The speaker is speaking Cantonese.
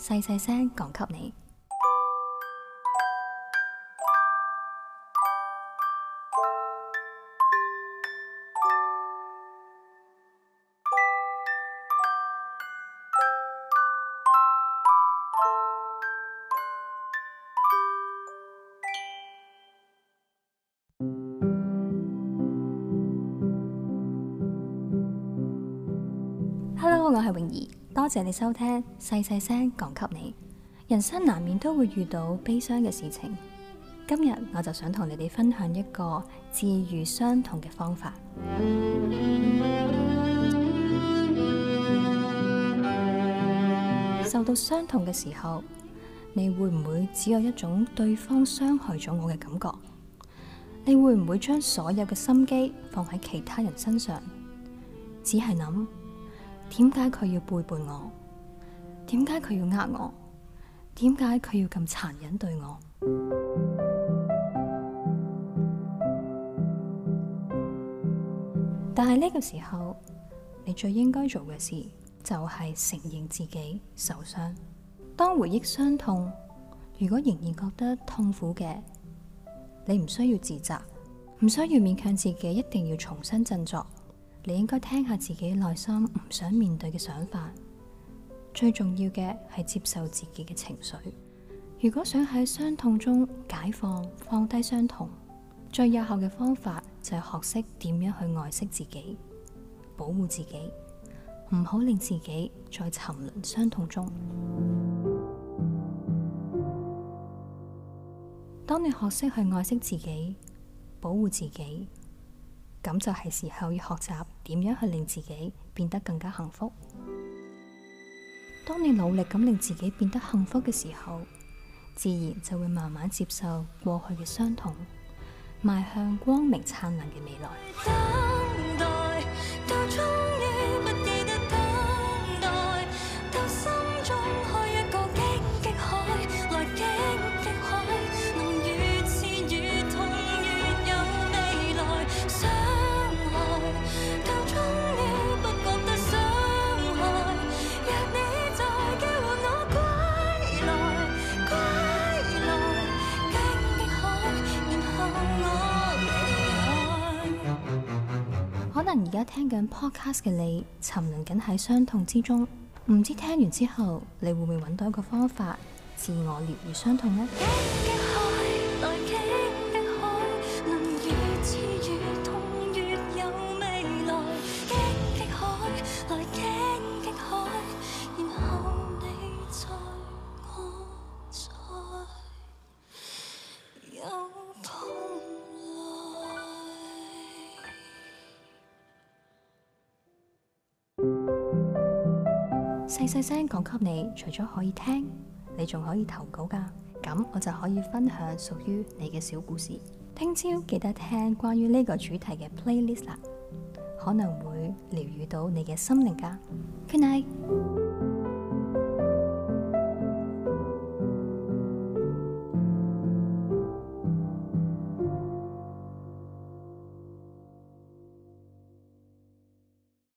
細細聲講給你。Hello，我係泳兒。多謝你收聽，細細聲講給你。人生難免都會遇到悲傷嘅事情，今日我就想同你哋分享一個治癒傷痛嘅方法。 受到傷痛嘅時候，你會唔會只有一種對方傷害咗我嘅感覺？你會唔會將所有嘅心機放喺其他人身上，只係諗？點解佢要背叛我？點解佢要呃我？點解佢要咁殘忍對我？但係呢個時候，你最應該做嘅事就係承認自己受傷。當回憶傷痛，如果仍然覺得痛苦嘅，你唔需要自責，唔需要勉強自己一定要重新振作。你應該聽下自己內心唔想面對嘅想法，最重要嘅係接受自己嘅情緒。如果想喺傷痛中解放，放低傷痛，最有效嘅方法就係學識點樣去愛惜自己，保護自己，唔好令自己再沉淪傷痛中。當你學識去愛惜自己，保護自己。咁就係時候要學習點樣去令自己變得更加幸福。當你努力咁令自己變得幸福嘅時候，自然就會慢慢接受過去嘅傷痛，邁向光明燦爛嘅未來。 可能而家聽緊 podcast 嘅你，沉淪緊喺傷痛之中，唔知聽完之後你會唔會揾到一個方法，自我療愈傷痛咧？細細聲講給你，除咗可以聽，你仲可以投稿噶，咁我就可以分享屬於你嘅小故事。聽朝記得聽關於呢個主題嘅 playlist 啦，可能會療愈到你嘅心靈噶。Good night。